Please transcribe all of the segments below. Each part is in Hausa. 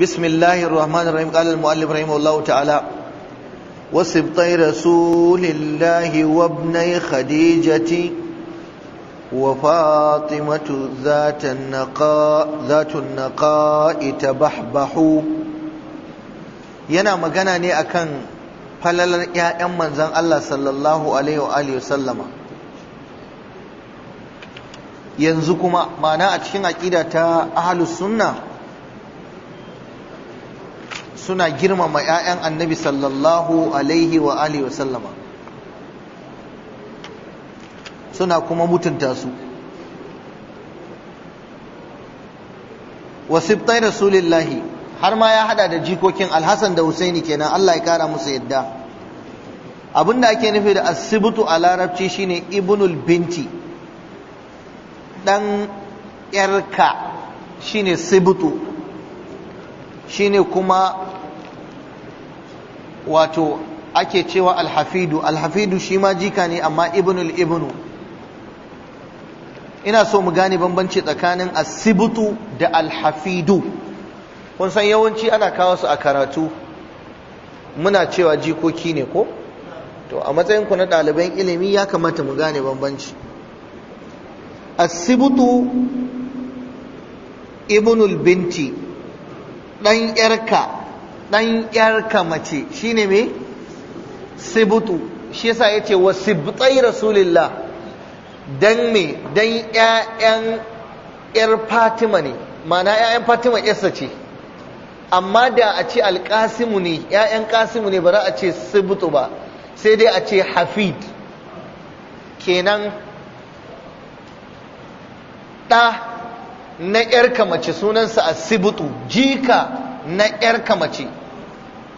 بسم الله الرحمن الرحيم قال المؤلف رحمه الله تعالى وسبطي رسول الله وابني خديجة وفاطمة ذات النقاء ذات النقاء تبحبحوا yana magana ne akan falalar 'ya'yan manzon Allah sallallahu alaihi wa sallama yanzu kuma ma'ana a cikin aƙida ta ahlus sunna suna girmama 'ya'yan annabi sallallahu alaihi wa alihi wasallama suna kuma mutunta su wasibtai rasulillahi har ma ya hada da jikokin alhassan da husaini kenan allah ya kara musu yadda abinda ake nufi da asibitu a larabci shine ibnul binti dan yarka shine sibutu shine kuma wato ake cewa alhafidu alhafidu shi ma jika ne amma ibnul ibnu ina so mu gane bambanci tsakanin asibutu da alhafidu kun san yawanci ana kawo su a karatu muna cewa jikoki ne ko to a matsayin ku na ɗaliban ilimi ya kamata mu gane bambanci asibutu ibnul binti ɗan ƴarka ɗan ƴarka mace shine me sibutu shi yasa yace wa rasulillah dan me dan ƴaƴan ƴar Fatima ne ma'ana ƴaƴan Fatima ƴarsa ce amma da a ce alƙasimu ne ƴaƴan ƙasimu ne ba za a ce sibutu ba sai dai a ce hafid kenan ɗa na ƴarka mace sunansa asibutu jika na ƴarka mace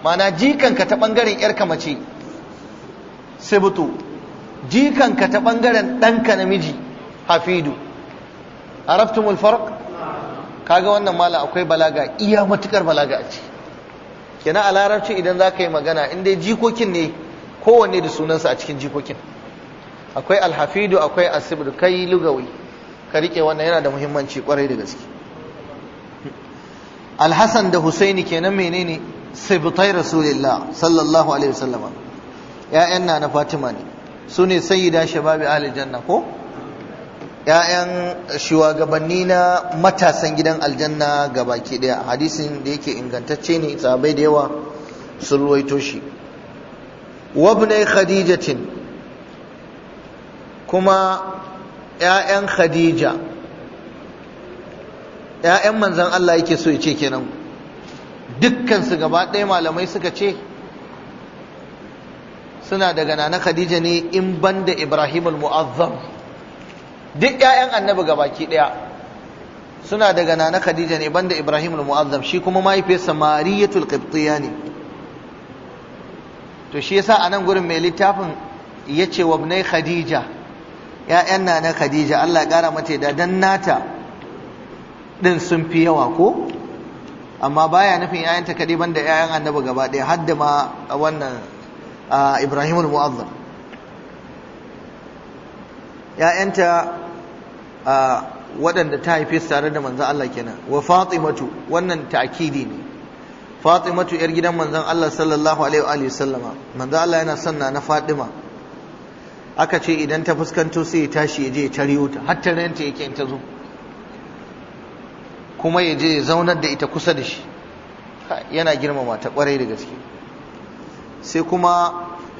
mana jikanka ta bangaren ƴarka mace sibutu jikanka ta bangaren ɗanka namiji hafidu araftumul farq kaga wannan mala akwai balaga iya matukar balaga a ce Kina a larabci idan za ka yi magana in dai jikokin ne kowanne da sunansa a cikin jikokin akwai alhafidu akwai asibiru kai lugawi ka rike wannan yana da muhimmanci kwarai da gaske alhassan da husaini kenan menene sibtai rasulillah sallallahu alaihi wasallama ya'yan na na fatima ne su ne sayyida shababi ahli janna ko ya'yan shugabanni na matasan gidan aljanna gabaki daya hadisin da yake ingantacce ne sahabbai da yawa sun ruwaito shi wabnai khadijatin kuma 'ya'yan khadija ‘ya'yan manzan Allah yake so ya ce kenan dukkansu gaba ɗaya malamai suka ce suna daga nana khadija ne in ban da ibrahim al-mu'azzam duk ‘ya'yan annabi gabaki ɗaya suna daga nana khadija ne ban da ibrahim al-mu'azzam shi kuma mahaifiyarsa mariyatul qibtiya ne to shi yasa a nan gurin mai littafin ya ce wabnai khadija 'ya'yan na na khadija allah ya ƙara mata da dan nata ɗin sun fi yawa ko amma baya nufin 'ya'yanta kaɗai banda 'ya'yan annabi gaba ɗaya har da ma wannan ibrahim mu'azzam 'ya'yanta waɗanda ta haife su tare da manzon allah kenan wa fatimatu wannan ta'kidi ne fatimatu 'yar gidan manzon allah sallallahu alaihi wa sallama manzon allah yana son na fatima aka ce idan ta fuskanto sai ya tashi ya je ya tariyo ta har tarayanta yake in ta zo kuma ya je ya zaunar da ita kusa da shi yana girmama ta kwarai da gaske sai kuma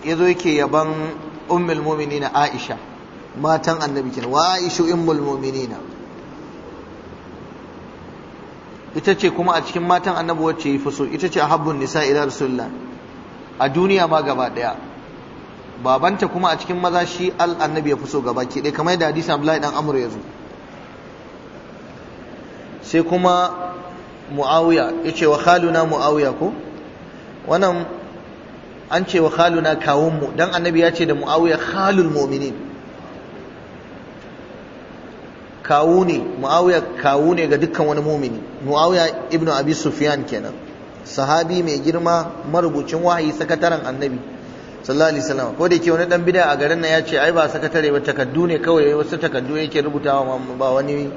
ya zo yake yaban ummul mu'minina aisha matan annabi kin wa aishu ummul mu'minina ita ce kuma a cikin matan annabi wacce yi fuso ita ce ahabbun nisa ila rasulullah a duniya ma gaba daya babanta kuma a cikin maza shi al'annabi ya fi gaba ke kamar da hadisi abdullahi dan Amur ya zo sai kuma muawiya ya ce wa khaluna muawiya ko wannan an ce wa khaluna kawunmu dan annabi ya ce da muawiya khalul mu'minin kawu ne muawiya kawu ne ga dukkan wani mu'mini muawiya ibnu abi sufyan kenan sahabi mai girma marubucin wahayi sakataren annabi sallallahu alaihi wasallam ko da yake wani dan bid'a a garin nan ya ce ai ba sakatare ba takaddu ne kawai wasu takaddu yake rubutawa ba wani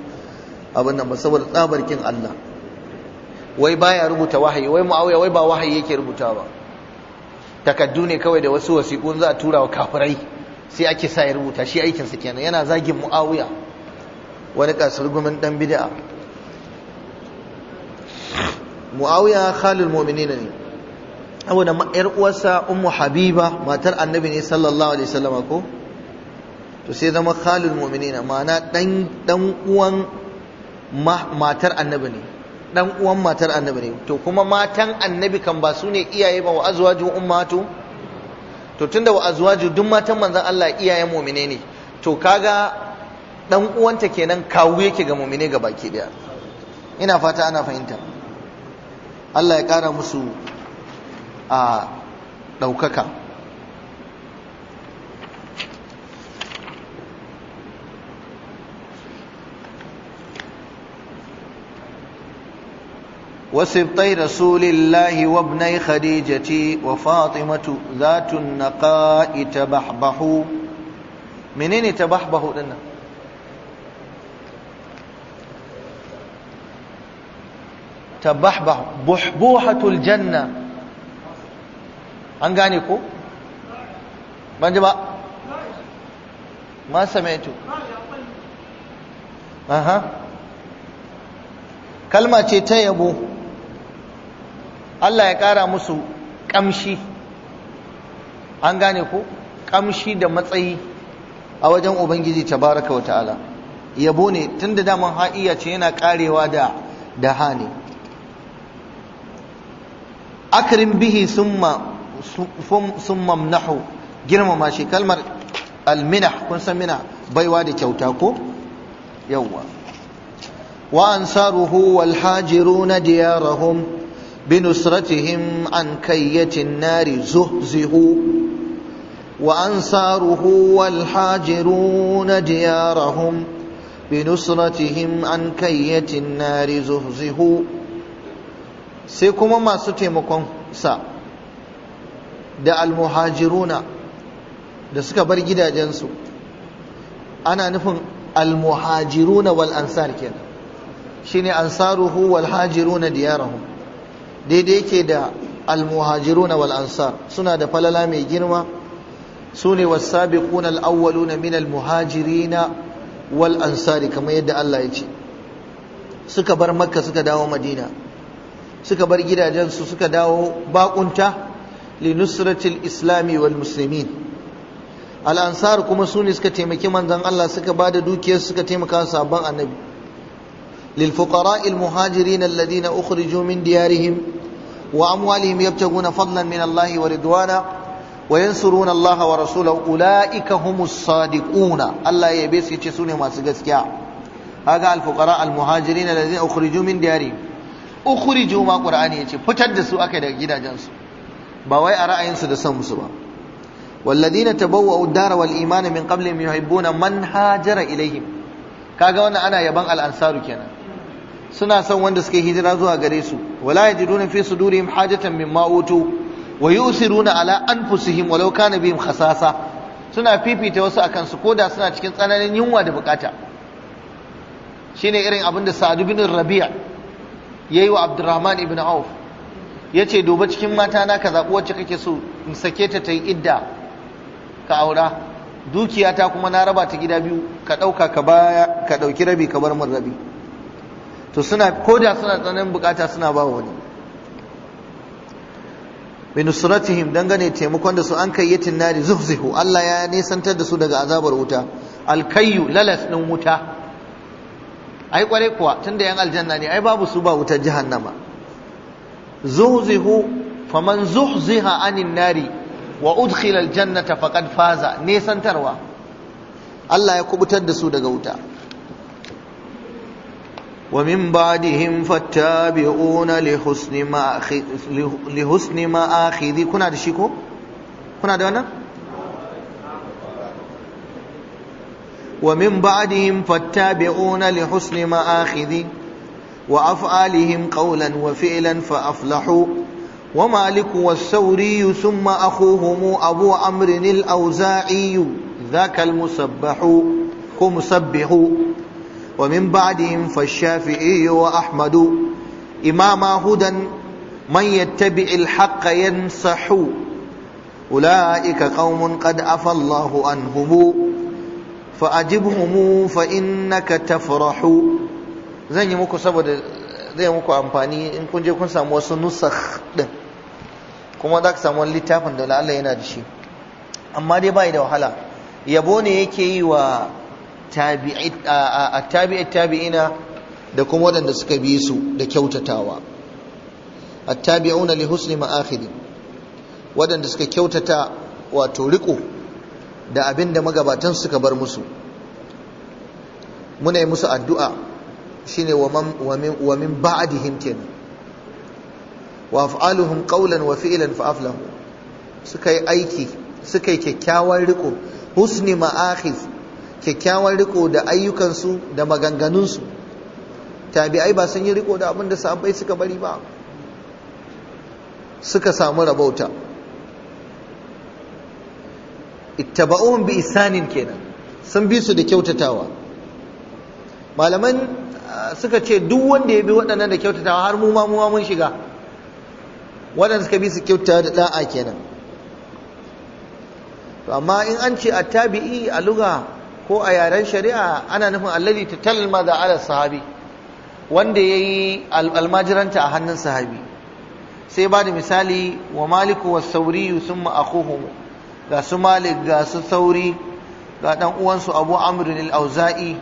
abin nan ba saboda tsabar kin Allah wai baya rubuta wahayi wai muawiya wai ba wahayi yake rubutawa takaddu ne kawai da wasu wasiƙun za a tura wa kafirai sai ake sa ya rubuta shi aikinsa kenan yana zagin muawiya wani kasar gumin dan bid'a muawiya khalil mu'minina ne saboda ma'ayar uwarsa ummu habiba matar annabi ne sallallahu alaihi wasallam ko to sai zama khalul mu'minin ma'ana dan dan uwan matar annabi ne dan uwan matar annabi ne to kuma matan annabi kan ba su ne iyaye ba wa azwaju ummatu to tunda wa azwaju duk matan manzon Allah iyayen mu'mine ne to kaga dan uwanta kenan kawu yake ga mu'mine gaba ki daya ina fata ana fahimta Allah ya kara musu a ɗaukaka وسبطي رسول الله وابني خديجة وفاطمة ذات النقاء تبحبحوا منين تبحبحوا لنا تبحبح بحبوحة الجنة an gane ko ban ji ba ma samaitu aha kalma ce ta yabo Allah ya kara musu kamshi an gane ko kamshi da matsayi a wajen ubangiji tabaraka wa ta'ala yabo ne tunda da daman ha'iya ce yana karewa da da hani akrim bihi summa sun mamnahu girmama shi kalmar almina kun san mina baiwa da kyauta ko yawwa wa ansaruhu wal hajiruna diyarahum bi nusratihim an kayyatin nari zuhzihu wa ansaruhu wal hajiruna diyarahum bi nusratihim an kayyatin nari zuhzihu sai kuma masu taimakon sa da almuhajiruna da suka bar gidajensu ana nufin almuhajiruna wal ansar kenan shine ansaruhu wal hajiruna diyarahum daidai yake da almuhajiruna wal ansar suna da falala mai girma sune ne wasabiquna al-awwaluna min al-muhajirina wal ansari kamar yadda Allah ya ce suka bar makka suka dawo madina suka bar gidajensu suka dawo bakunta linusratil islami wal al al'ansar kuma su suka taimaki manzan Allah suka ba da dukiyar suka taimaka sabon annabi lil fuqara al muhajirin alladhina ukhriju min diyarihim wa amwalihim yabtaguna fadlan min Allah wa ridwana wa yansuruna Allah wa rasulahu ulaika humus sadiquna Allah ya yabe su ce su ne masu gaskiya kaga al fuqara al muhajirin alladhina ukhriju min diyarihim ukhriju ma qur'ani yace fitar da su aka daga gidajensu ba wai a ra'ayinsu da son musu ba walladina tabawwa'u dara wal iman min qablihim yuhibbuna man hajara ilaihim kaga wannan ana yaban al ansaru kenan suna son wanda suka hijira zuwa gare su wala yajiduna fi sudurihim hajatan mimma utu wa yusiruna ala anfusihim walau kana bihim khasasa suna fifita wasu akan su koda suna cikin tsananin yunwa da bukata shine irin abin da Sa'ad bin Rabi'a yayi wa Abdurrahman ibn Auf ya ce duba cikin mata na ka zaɓi wacce kake so in sake ta ta yi idda ka aura dukiya ta kuma na raba ta gida biyu ka ɗauka ka baya ka ɗauki rabi ka bar min rabi to suna ko da suna tsananin bukata suna ba wani bi nusratihim dangane taimakon da su an kai yatin nari zuhzihu Allah ya nisantar da su daga azabar wuta alkayyu lalas din wuta ai kware kuwa tunda yan aljanna ne ai babu su ba wutar jahannama zuhzihu faman zuhziha anin nari wa udkhila jannata faqad faza nesantarwa Allah ya kubutar da su daga wuta wa min ba'dihim fattabi'una li husni kuna da shi ko kuna da wannan wa min ba'dihim fattabi'una li husni ma'akhidh وأفعالهم قولا وفعلا فأفلحوا ومالك والثوري ثم أخوهم أبو عمرو الأوزاعي ذاك المسبح كمسبح ومن بعدهم فالشافعي وأحمد إماما هدى من يتبع الحق ينصح أولئك قوم قد عفى الله عنهم فأجبهم فإنك تفرح zan yi muku saboda zai muku amfani in kun je kun samu wasu nusakh din kuma za ka samu wani littafin da Allah yana da shi amma dai bai da wahala yabo ne yake yi wa tabi'i tabi'ina da kuma waɗanda suka bi su da kyautatawa attabi'una li husni ma'akhidi waɗanda suka kyautata wato riko da abinda magabatan suka bar musu muna yi musu addu'a shine wa min ba'dihim kenan wa af'aluhum qawlan wa fi'lan fa aflahu suka yi aiki suka yi kyakkyawan riko husni ma'akhif kyakkyawan riko da ayyukansu da maganganunsu tabi'ai ba sun yi riko da abin da sahabbai suka bari ba suka samu rabauta ittaba'uhum bi isanin kenan sun bi su da kyautatawa malaman suka ce duk wanda ya bi waɗannan da kyautatawa har mu ma mu mun shiga waɗanda suka bi su kyautatawa da da'a kenan to amma in an ce attabi'i a luga ko a yaren shari'a ana nufin alladhi da ala sahabi wanda yayi almajiranta a hannun sahabi sai ba da misali wa maliku was sauri thumma akhuhu ga su malik ga su sauri ga dan uwansu abu amrul auzai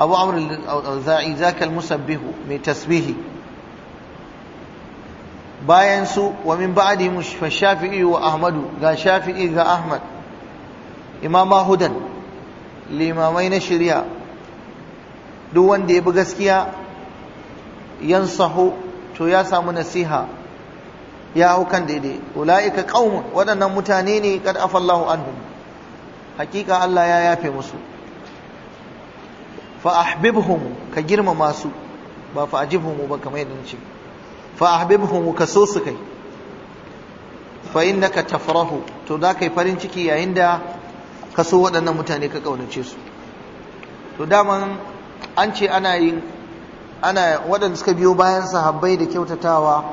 abu amr al musabbihu mai tasbihi bayan su wa min ba'dihim fa shafi'i wa ahmadu ga shafi'i ga ahmad imama hudan limamai na shari'a duk wanda ya bi gaskiya saho to ya samu nasiha ya hau kan daidai ula'ika qaumun waɗannan mutane ne kad afallahu anhum hakika Allah ya yafe musu fa ahbibhum ka girmama su ba fa ajibhum ba kamar yadda nace fa ahbibhum ka so su kai fa innaka tafrahu to da kai farin ciki yayin da ka so waɗannan mutane ka kaunace su to daman an ce ana yin ana waɗanda suka biyo bayan sahabbai da kyautatawa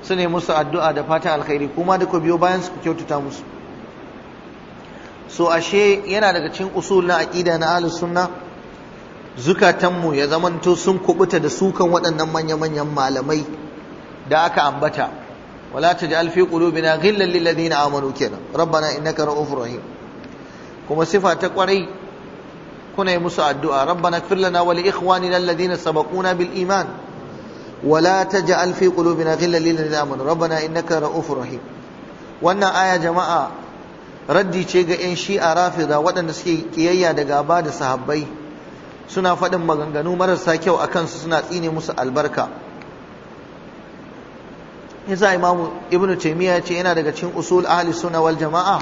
su ne musu addu'a da fata alkhairi kuma da ku biyo bayan su ku kyautata musu so ashe yana daga cikin usul na aqida na ahlus sunna zukatanmu ya zamanto sun kubuta da sukan waɗannan manya-manyan malamai da aka ambata wala taj'al fi qulubina ghillan lil ladina amanu kenan rabbana innaka ra'ufur rahim kuma sifa ta kwarai kuna yi musu addu'a rabbana ighfir lana wa li ikhwanina alladhina sabaquna bil iman wala taj'al fi qulubina ghillan lil ladina amanu rabbana innaka ra'ufur rahim wannan aya jama'a raddi ce ga 'yan shi'a rafida waɗanda suke kiyayya da gaba da sahabbai suna faɗin maganganu marasa kyau a kansu suna tsine musu albarka yasa imamu ibn taymiya ce yana daga cikin usul ahli sunna wal jama'a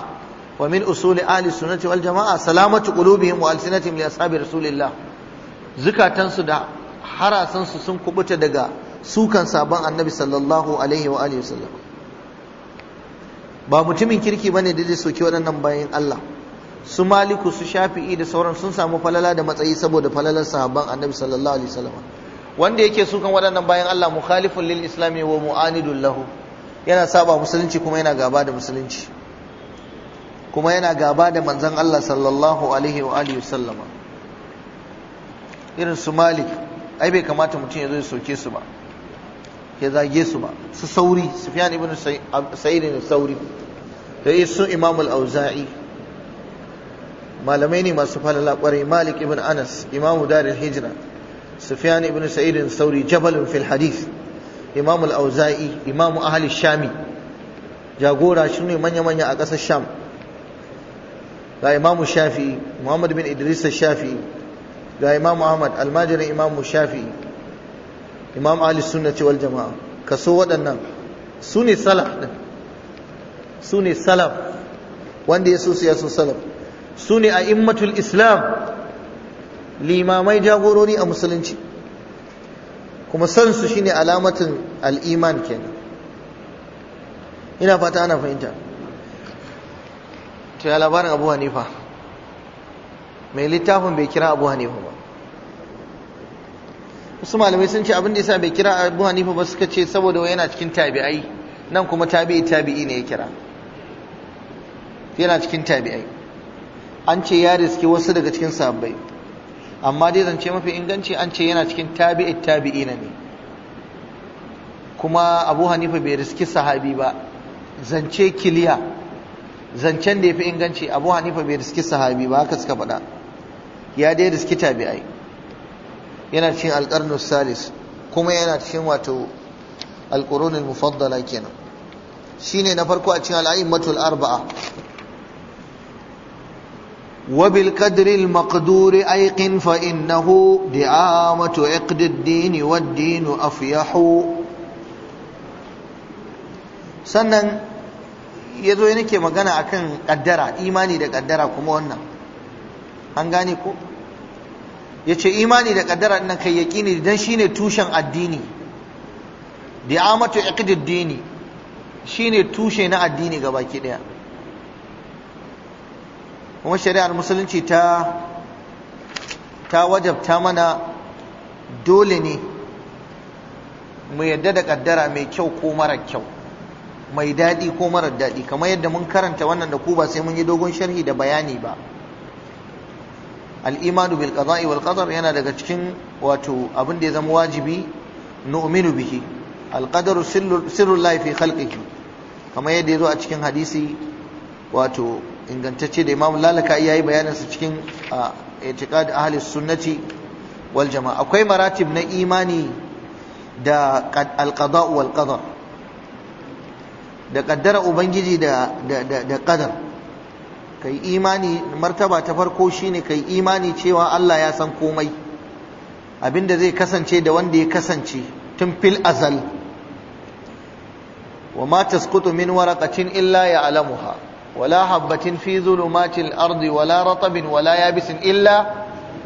wa min usul ahli sunnati wal jama'a salamatu qulubihim wa alsinatihim li ashabi rasulillah zukatansu da harasansu sun kubuta daga sukan sabon annabi sallallahu alaihi wa alihi wasallam ba mutumin kirki bane da zai soki waɗannan bayan Allah su maliku su shafi'i da sauran sun samu falala da matsayi saboda falalar sahabban annabi sallallahu alaihi wasallam wanda yake kan waɗannan bayan Allah mukhalifun lil islami wa mu'anidul lahu yana saba musulunci kuma yana gaba da musulunci kuma yana gaba da manzon Allah sallallahu alaihi wa alihi wasallam irin su malik ai bai kamata mutum ya zo ya soke su ba ya zage su ba su sauri sufyan ibn sa'id ne sauri da isu imamul auza'i malamai ne masu falala kwarai malik ibn anas imamu daril hijra sufyan ibn sa'id sauri jabalun fil hadith imamu al-auza'i imamu ahli shami jagora shi ne manya-manya a ƙasar sham ga imamu shafi'i muhammad bin idris shafi'i ga imamu ahmad almajirin imamu shafi'i imam ahli sunnati wal jama'a kaso waɗannan su ne salaf su ne salaf wanda ya so su ya so salaf su ne a immatul islam limamai jagorori a musulunci kuma san su shine alamatin al'iman kenan ina fata ana fahimta to ya labarin abu hanifa mai littafin bai kira abu hanifa ba wasu malamai sun ce abin da yasa bai kira abu hanifa ba suka ce saboda yana cikin tabi'ai nan kuma tabi'i tabi'i ne ya kira yana cikin tabi'ai an ce ya riski wasu daga cikin sahabbai amma dai zance mafi inganci an ce yana cikin tabi'i na ne kuma abu hanifa bai riski sahabi ba zance kiliya zancen da ya fi inganci abu hanifa bai riski sahabi ba haka suka faɗa ya dai riski tabi'ai yana cikin alƙarnu salis kuma yana cikin wato alƙurunin mufaddala kenan shine na farko a cikin al'ayin matul arba'a وبالقدر المقدور أيقن فإنه دعامة عقد الدين والدين أفيح sannan ya zo nake magana akan kaddara imani da kaddara kuma wannan an gane ko ya ce imani da kaddara ɗin kai yaƙini don shi ne tushen addini di'amatu iqdiddini shi ne tushe na addini gabaki ɗaya kuma shari'ar musulunci ta ta wajabta mana dole ne mu yadda da kaddara mai kyau ko mara kyau mai daɗi ko mara daɗi kamar yadda mun karanta wannan da ku ba sai mun yi dogon sharhi da bayani ba al'imanu bil qada'i wal qadar yana daga cikin wato abin da ya zama wajibi nu'minu bihi al qadaru sirrul lahi fi khalqihi kamar yadda ya zo a cikin hadisi wato ingantacce da imamu lalaka ya yi bayaninsa cikin itiqad ahli sunnati wal jama'a akwai maratib na imani da alqada wal qadar da kaddara ubangiji da kadar qadar kai imani martaba ta farko shine kai imani cewa Allah ya san komai abinda zai kasance da wanda ya kasance tun fil azal wa ma tasqutu min waraqatin illa ya'lamuha wala habbatin fi zulumatil ardi wala ratabin wala yabisin illa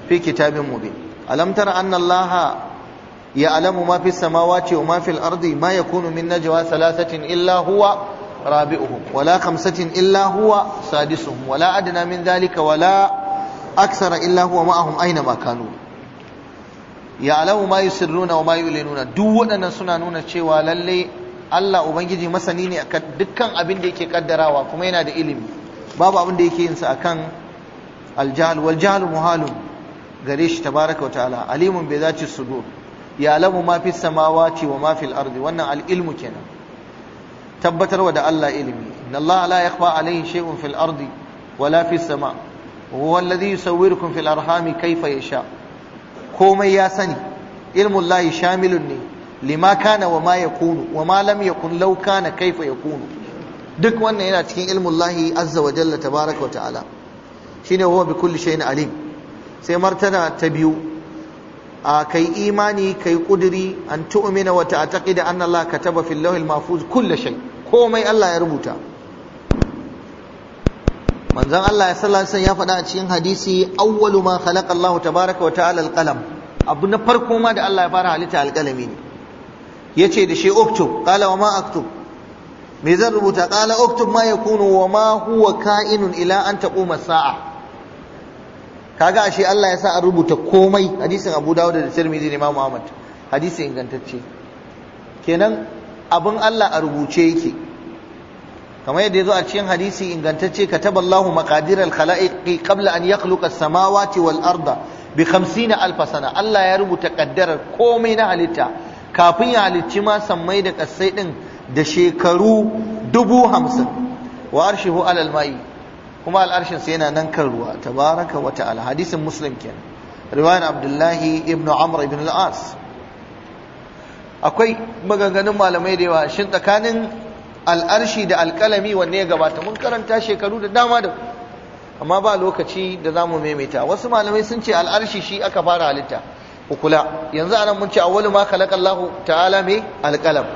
fi kitabin mubin alam tara anna allaha يعلم ما في السماوات وما في الأرض ما يكون من نجوى ثلاثة إلا هو رابئهم ولا خمسة إلا هو سادسهم ولا أدنى من ذلك ولا أكثر إلا هو معهم أينما كانوا يعلم ما يسرون وما يعلنون دون أن سنانون الشيء وللي Allah ubangiji masani ne dukkan abin da yake kaddarawa kuma yana da ilimi babu abin da yake yin sa akan aljahl wal jahl muhalun gare shi tabaraka wa ta'ala alimun bai zaci sudur ya lamu ma fi samawati wa ma fil ardi wannan al ilmu kenan tabbatarwa da Allah ilimi inna Allah la yakhfa alayhi shay'un fil ardi wala fi sama huwa alladhi yusawwirukum fil arhami kayfa yasha komai ya sani ilmullahi shamilun ne lima kana wa ma kunu? wa ma lam yakun law kana kaifa yakunu duk wannan yana cikin ilmin lahi azza wa jalla tabaraka wa ta'ala shine huwa bi kulli shay'in alim sai martana ta biyu a kai imani kai kudiri an tu'mina wa ta'taqida anna Allah kataba fil lawhil mahfuz kulli shay komai Allah ya rubuta manzon Allah sallallahu alaihi wasallam ya faɗa a cikin hadisi awwalu ma khalaqa Allah tabaraka wa ta'ala al-qalam abu na farko ma da Allah ya fara halitta alkalami ne yace da shi uktub qala wa ma aktub me zan rubuta qala uktub ma yakunu wa ma huwa ka'inun ila an taquma sa'a kaga ashe Allah ya sa an rubuta komai hadisin Abu Dawud da Tirmidhi ne Imam Ahmad hadisi ingantacce kenan abin Allah a rubuce yake kamar yadda yazo a cikin hadisi ingantacce Allahu maqadir al-khalaiqi qabla an yakhluqa as-samawati wal arda bi 50 alf sana Allah ya rubuta kaddarar komai na halitta kafin ya halicci ma sammai da kasai din da shekaru dubu hamsin wa arshihu alal ma'i kuma al'arshin sa yana nan kan ruwa tabaraka wa ta'ala hadisin muslim kenan riwayan abdullahi ibnu amr ibn al akwai maganganun malamai da yawa shin tsakanin al'arshi da alkalami wanne ya gabata mun karanta shekaru da dama da amma ba lokaci da zamu maimaita wasu malamai sun ce al'arshi shi aka fara halitta ku kula yanzu anan mun ce awwalu ma khalaqallahu ta'ala mai alqalam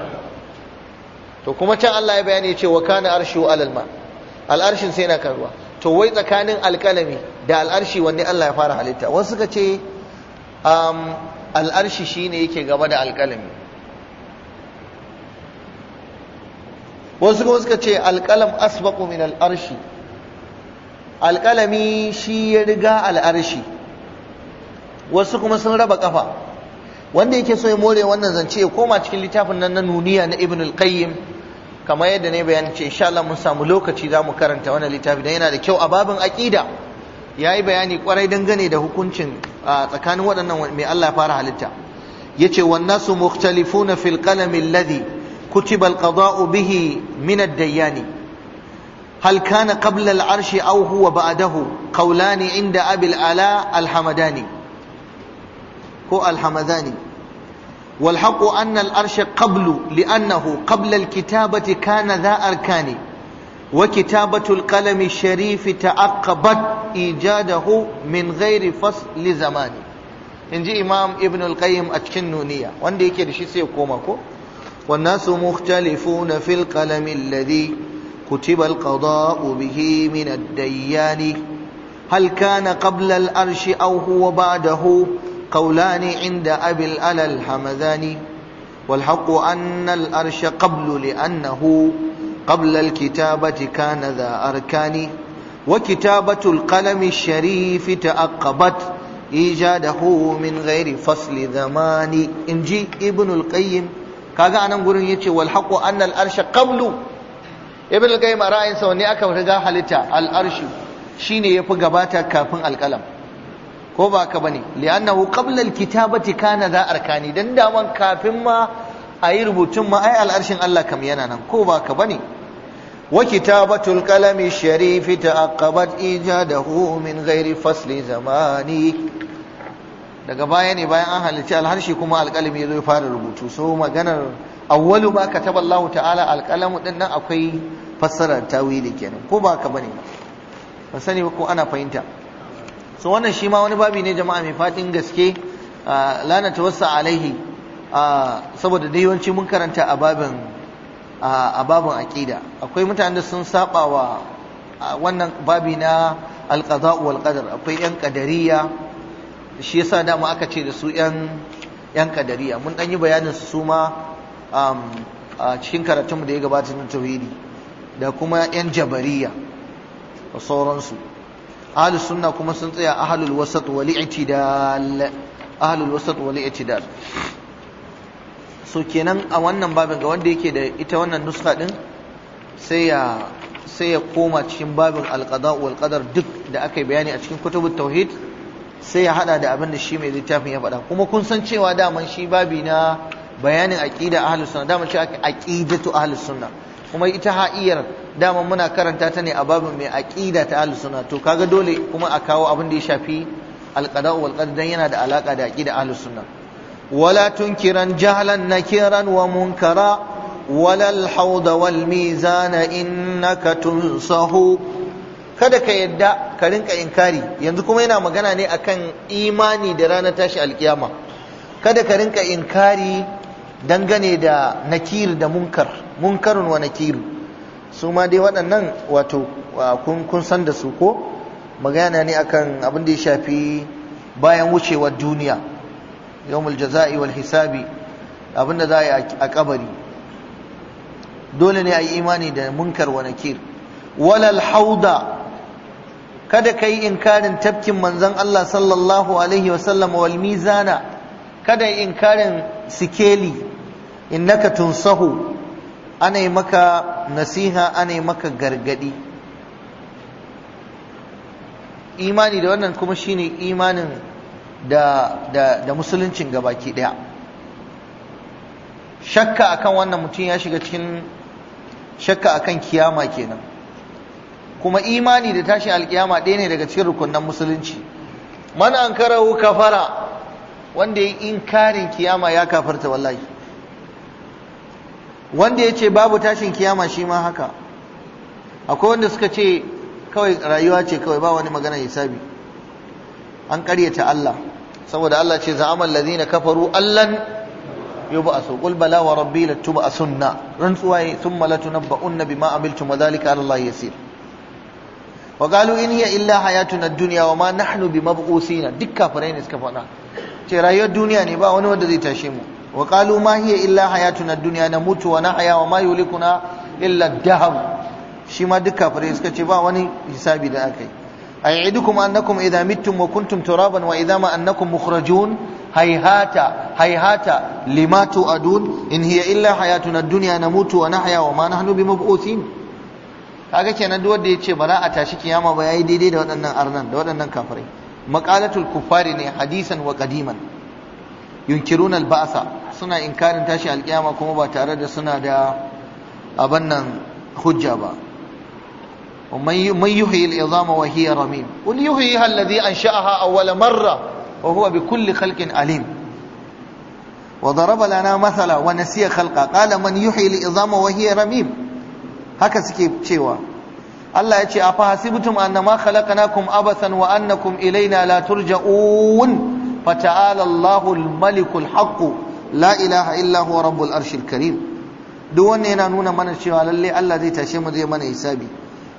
to kuma can Allah ya bayani ce wa kana arshu alal ma al'arshin sai yana kan ruwa to wai tsakanin alqalami da al'arshi wanne Allah ya fara halitta wasu suka ce um, al'arshi shine yake gaba da alqalami wasu kuma suka ce alqalam asbaqu min al'arshi alqalami shi ya riga al'arshi wasu kuma sun raba kafa wanda yake so ya more wannan zance ya koma cikin littafin nan na nuniya na ibn al-qayyim kamar yadda ne bayani ce insha Allah mun samu lokaci za mu karanta wannan littafi dan yana da kyau a babin aqida yayi bayani kwarai dangane da hukuncin tsakanin waɗannan mai Allah fara halitta yace wan nasu mukhtalifuna fil qalam alladhi kutiba al-qada'u bihi min ad-dayani هل كان قبل العرش أو هو بعده قولان عند أبي الآلاء الحمداني ko alhamadani wal haqu anna al arsha qablu li annahu qabla kitabati kana za arkani wa kitabatul ƙalami sharifi sharif ta'aqqabat ijadahu min ghairi fasli zamani inji imam ibn al qayyim a cikin nuniya wanda yake da shi sai koma ko والناس مختلفون في القلم الذي كتب القضاء به من الديان هل كان قبل الأرش أو هو بعده قولان عند أبي الألى الحمذاني والحق أن الأرش قبل لأنه قبل الكتابة كان ذا أركان وكتابة القلم الشريف تأقبت إيجاده من غير فصل زمان إنجي ابن القيم كذا أنا gurin yace والحق أن الأرش قبل ابن القيم أرأي al أكبر ra'ayin الأرش شيني aka riga halitta al ko ba ka bane li'annahu qabla alkitabati kana za arkani dan daman kafin ma ayi rubutun ma ai al'arshin Allah kam yana nan ko ba ka bane wa kitabatul qalami sharif ta'aqqabat ijadahu min ghairi fasli zamani daga baya ne bayan an halarci alharshi kuma alkalami ya zo ya fara rubutu so maganar awwalu ma kataballahu ta'ala alqalamu din nan akwai fassarar tawili kenan ko ba ka bane ba sani ko ana fahimta so wannan shi ma wani babi ne jama'a mai fatin gaske ah, lanata wasu alaihi ah, saboda da yawanci mun karanta a babin ah, a aƙida akwai mutane da sun saba wa wannan babi na alƙaza wal akwai yan ƙadariya shi yasa dama aka ce da su yan yan ƙadariya mun ɗan yi bayanin su ma a cikin karatunmu da ya gabata na tauhidi da kuma yan jabariya da sauransu ahlus sunna kuma sun tsaya ahlul wasat wal i'tidal ahlul wasat wal i'tidal so kenan a wannan babin ga wanda yake da ita wannan nuska din sai ya sai ya koma cikin babin alqada wal qadar duk da aka yi bayani a cikin kutubut tauhid sai ya hada da abin da shi mai littafin ya faɗa kuma kun san cewa daman shi babi na bayanin aqida ahlus sunna daman cewa aqidatu ahlus sunna kuma ita ha'iyar dama muna karanta ta ne a babin mai aqida ta ahlus to kaga dole kuma a kawo abin da ya shafi alqada wal qadar yana da alaka da aqida ahlus sunna wala tunkiran jahlan nakiran wa munkara wala al-hawd wal mizan innaka tunsahu kada ka yadda ka rinka inkari yanzu kuma yana magana ne akan imani da ranar tashi alkiyama kada ka rinka inkari dangane da nakir da munkar munkarun wa nakiru su ma dai waɗannan wato kun san da su ko magana ne akan abin da ya shafi bayan wucewar duniya yawmul jaza'i wal hisabi abin da za a yi a kabari dole ne a yi imani da munkar wa nakir walal hauda kada ka yi inkarin tafkin manzon Allah sallallahu alaihi wasallam wal mizana kada inkarin sikeli innaka tunsahu ana yi maka nasiha ana yi maka gargadi imani da wannan kuma shine imanin da da da musuluncin gabaki daya shakka akan wannan mutum ya shiga cikin shakka akan kiyama kenan kuma imani da tashin alkiyama ɗaya ne daga cikin rukunan musulunci man ankarahu kafara wanda ya inkarin kiyama ya kafarta wallahi wanda ya ce babu tashin kiyama shi ma haka akwai wanda suka ce kawai rayuwa ce kawai ba wani magana hisabi an karyata Allah saboda Allah ce za'amal ladina kafaru allan yub'asu qul bala wa rabbi latub'asunna rantsuwaye thumma bi bima amiltum wa dhalika 'ala Allah yasir wa qalu in hiya illa hayatuna ad-dunya wa ma nahnu bimab'usina duk kafirai ne suka faɗa ce rayuwar duniya ne ba wani wanda zai tashe mu wa qalu ma hiya illa hayatuna dunya na mutu wa wa ma yulikuna illa dahab shi ma duk kafare suka ce ba wani hisabi da aka yi ai'idukum annakum idza mittum wa kuntum turaban wa idza ma annakum mukhrajun hayhata hayhata lima tu'adun in hiya illa hayatuna dunya namutu wa nahya wa ma nahnu bimab'uthin kaga kenan duk wanda yace ba za a tashi kiyama ba yayi daidai da waɗannan arnan da waɗannan kafare. maqalatul kuffari ne hadisan wa qadiman yunkiruna al-ba'sa suna inkarin tashi alkiyama kuma ba tare da suna da abin hujja ba man yuhyi al-izama wa hiya ramim qul yuhyiha alladhi ansha'aha awwala marra wa huwa bi kulli khalqin alim وضرب لنا مثلا ونسي خلقا قال من يحيي العظام وهي رميم هكا سكي cewa Allah ya ce a fahasibtum annama khalaqnakum abathan wa annakum ilaina la turja'un fata'ala Allahu al-malikul haqq la ilaha illa huwa rabbul arshil karim duk wannan yana nuna mana cewa lalle Allah zai tashe mu zai mana hisabi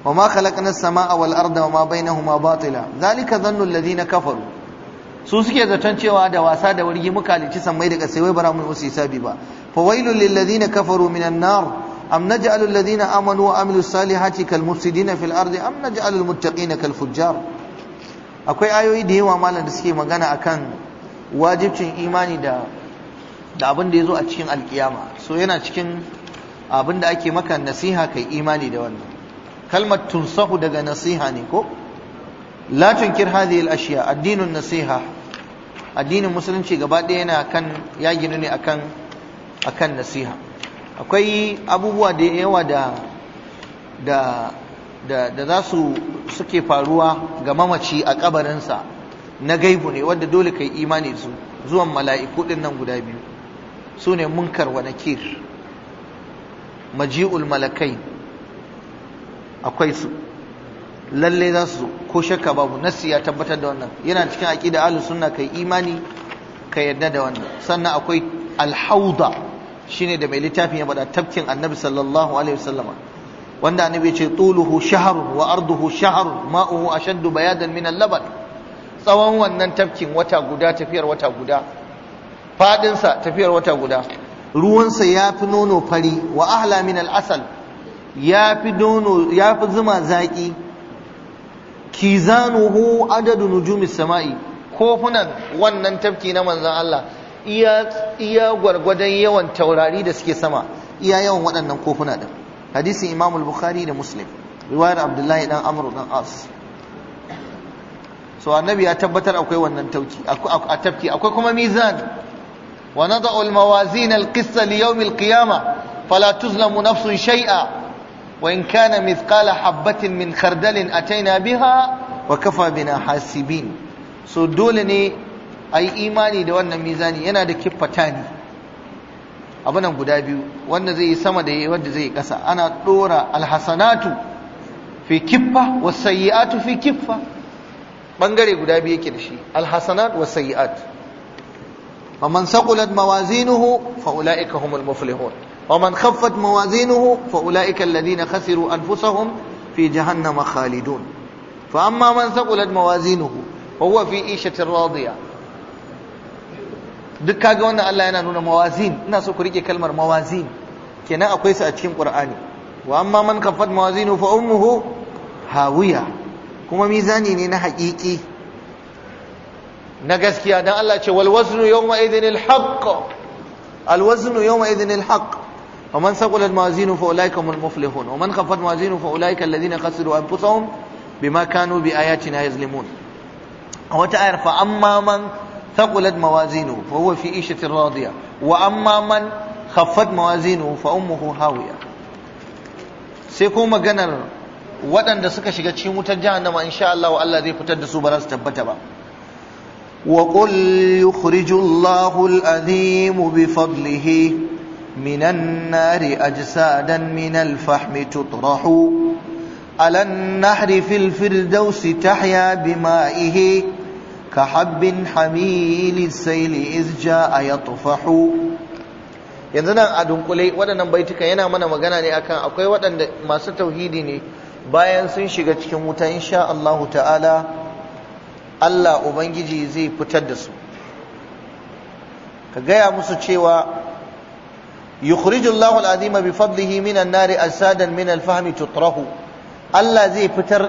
wa ma khalaqna as-samaa wal arda wa ma bainahuma batila zalika dhannu alladhina kafaru su suke zaton cewa da wasa da wargi muka halici sammai da kasai wai bara mu musu hisabi ba fa wailul lil ladina kafaru minan nar am naj'alu alladhina amanu wa amilu salihati kal mufsidina fil ardi am naj'alu al muttaqina kal fujjar akwai ayoyi da yawa malam da suke magana akan wajibcin imani da da abin da yazo a cikin alkiyama so yana cikin abin da ake maka nasiha kai imani da wannan kalmar tunsahu daga nasiha ne ko la tunkir hadhihi al ashiya nasiha addinin musulunci gaba ɗaya yana kan ya ginu ne akan akan nasiha akwai abubuwa da yawa da da da da za su suke faruwa ga mamaci a kabarinsa na gaibu ne wadda dole kai imani su zuwan mala'iku din nan guda biyu su ne munkar wa nakir maji'ul malakai akwai su lalle za su ko shakka babu nasi ya tabbatar da wannan yana cikin aqida ahlus sunna kai imani ka yadda da wannan sannan akwai alhauda shine da mai littafin ya bada tafkin annabi sallallahu alaihi wanda annabi ya ce tuluhu shaharun wa arduhu shaharun ma'uhu ashaddu bayadan min al-laban tsawon wannan tafkin wata guda tafiyar wata guda fadinsa tafiyar wata guda ruwansa ya fi nono fari wa ahla min al-asal ya fi nono ya zuma zaƙi kizanuhu adadu nujumi sama'i kofunan wannan tafki na manzon Allah iya gwargwadon yawan taurari da suke sama iya yawan waɗannan kofuna din hadisin Imam al-Bukhari da Muslim riwayar Abdullahi dan amru dan As so annabi ya tabbatar akwai wannan tauki a tafki akwai kuma mizan wa nada'u al-mawazin al-qissa li yawm al-qiyamah fala tuzlamu nafsun shay'a وإن كان مثقال حبة من خردل أتينا biha, wa kafa bina hasibin, so, dole ne. a yi imani da wannan mizani yana da kiffata ne abunan guda biyu wanda zai yi sama da wanda zai yi ƙasa ana ɗora Alhassanatu fi kiffa wasayi'atu fi kiffa ɓangare guda biyu yake da shi alhasanat wasayi'at faman saqulat mawazinuhu fa ulaika humul muflihun waman khaffat mawazinuhu fa ulaika alladhina khasiru anfusahum fi jahannama khalidun fa amma man saqulat mawazinuhu fa fi duk kaga wannan Allah yana nuna mawazin ina so ku rike kalmar mawazin kenan akwai su a cikin Qur'ani wa amma man kafat mawazinu fa ummuhu hawiya kuma mizani ne na haƙiƙi na gaskiya dan Allah ce wal waznu yawma idhin al haqq al waznu yawma idhin al haqq ومن ثقلت موازينه فاولئك هم المفلحون ومن خفت موازينه فاولئك الذين خسروا انفسهم بما كانوا wata ayar fa amma man. ثقلت موازينه فهو في عيشة راضية وأما من خفت موازينه فأمه هاوية سيكون مجنر ودن دسكة شكا شيمو تجهنم إن شاء الله وألا ذي فتدسو براس تبتبا وقل يخرج الله الأذيم بفضله من النار أجسادا من الفحم تطرح على النحر في الفردوس تحيا بمائه كحب حميل السيل إذ جاء يطفح yanzu nan a dunkule waɗannan baituka yana mana magana ne akan akwai waɗanda masu tauhidi ne bayan sun shiga cikin wuta insha Allahu ta'ala Allah Ubangiji zai fitar da su ka gaya musu cewa yukhrijullahu al'azima bi fadlihi minan nari asadan min al-fahmi tutrahu Allah zai fitar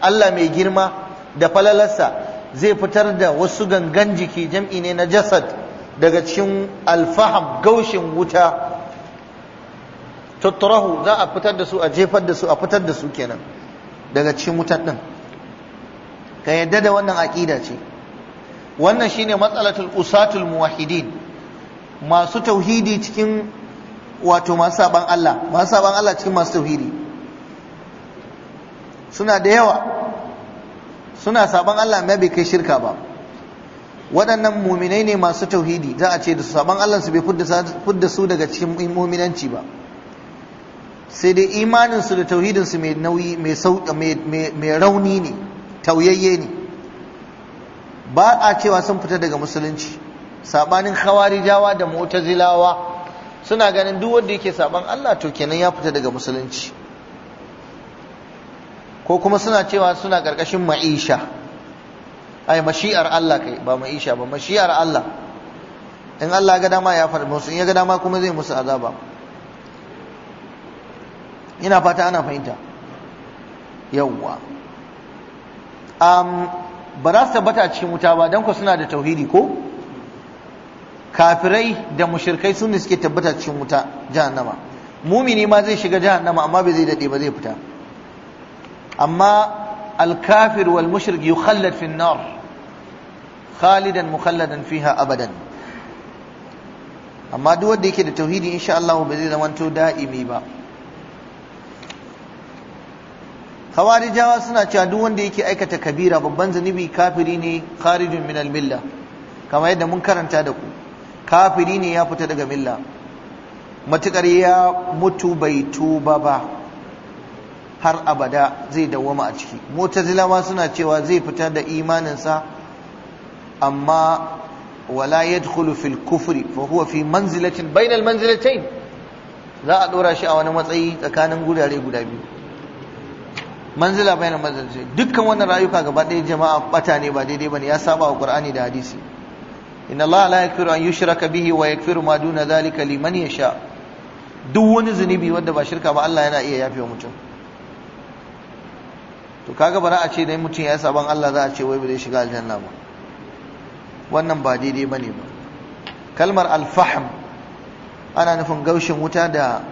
Allah mai girma da falalarsa zai fitar da wasu gangan jiki jam'i ne na jasad daga cikin alfaham gaushin wuta tutturahu za a fitar da su a jefar da su a fitar da su kenan daga cikin wutan din ka yadda da wannan aƙida ce wannan shine matsalatul usatul muwahidin masu tauhidi cikin wato masu saban Allah masu saban Allah cikin masu tauhidi suna da yawa suna saban Allah amma bai kai shirka ba waɗannan muminai ne masu tauhidi za a ce da su saban Allah su bai fudda su daga cikin muminanci ba sai dai imanin su da tauhidin su mai nauyi mai mai rauni ne tauyayye ne ba a cewa sun fita daga musulunci sabanin khawarijawa da mu'tazilawa suna ganin duk wanda yake saban Allah to kenan ya fita daga musulunci ko kuma suna cewa suna ƙarƙashin ma'isha ai mashi'ar Allah kai ba ma'isha ba mashi'ar Allah in Allah ga dama ya faɗi musu in ya ga dama kuma zai musu azaba ina fata ana fahimta yawwa um, ba za su tabbata a cikin wuta ba don ku suna da tauhidi ko kafirai da mushirkai su ne suke tabbata cikin wuta jahannama mumini ma zai shiga jahannama amma bai zai daɗe ba zai fita amma alkafir wal mushrik yukhallad fi nar khalidan mukhalladan fiha abadan amma duk wanda yake da tauhidi insha Allah ba zai zamanto da'imi ba khawarijawa suna cewa duk wanda yake aikata kabira babban zunubi kafiri ne kharijun min al-milla yadda mun karanta da ku kafiri ne ya fita daga milla matukar ya mutu bai tuba ba har abada zai dawwama a ciki mu'tazilawa suna cewa zai fita da imaninsa amma wala yadkhulu fil kufri fa huwa fi manzilatin bainal manzilatayn za a dora shi a wani matsayi tsakanin gurare guda biyu manzila bainal manzilatayn dukkan wannan rayuka gaba ɗaya jama'a bata ne ba daidai bane ya saba wa qur'ani da hadisi inna allaha la yaghfiru an yushraka bihi wa yaghfiru ma duna dhalika liman yasha duk wani zunubi wanda ba shirka ba Allah yana iya wa mutum to kaga bara a ce dai mutum ya saban Allah za a ce wai bai shiga aljanna ba wannan ba daidai bane ba kalmar alfahm ana nufin gaushin wuta da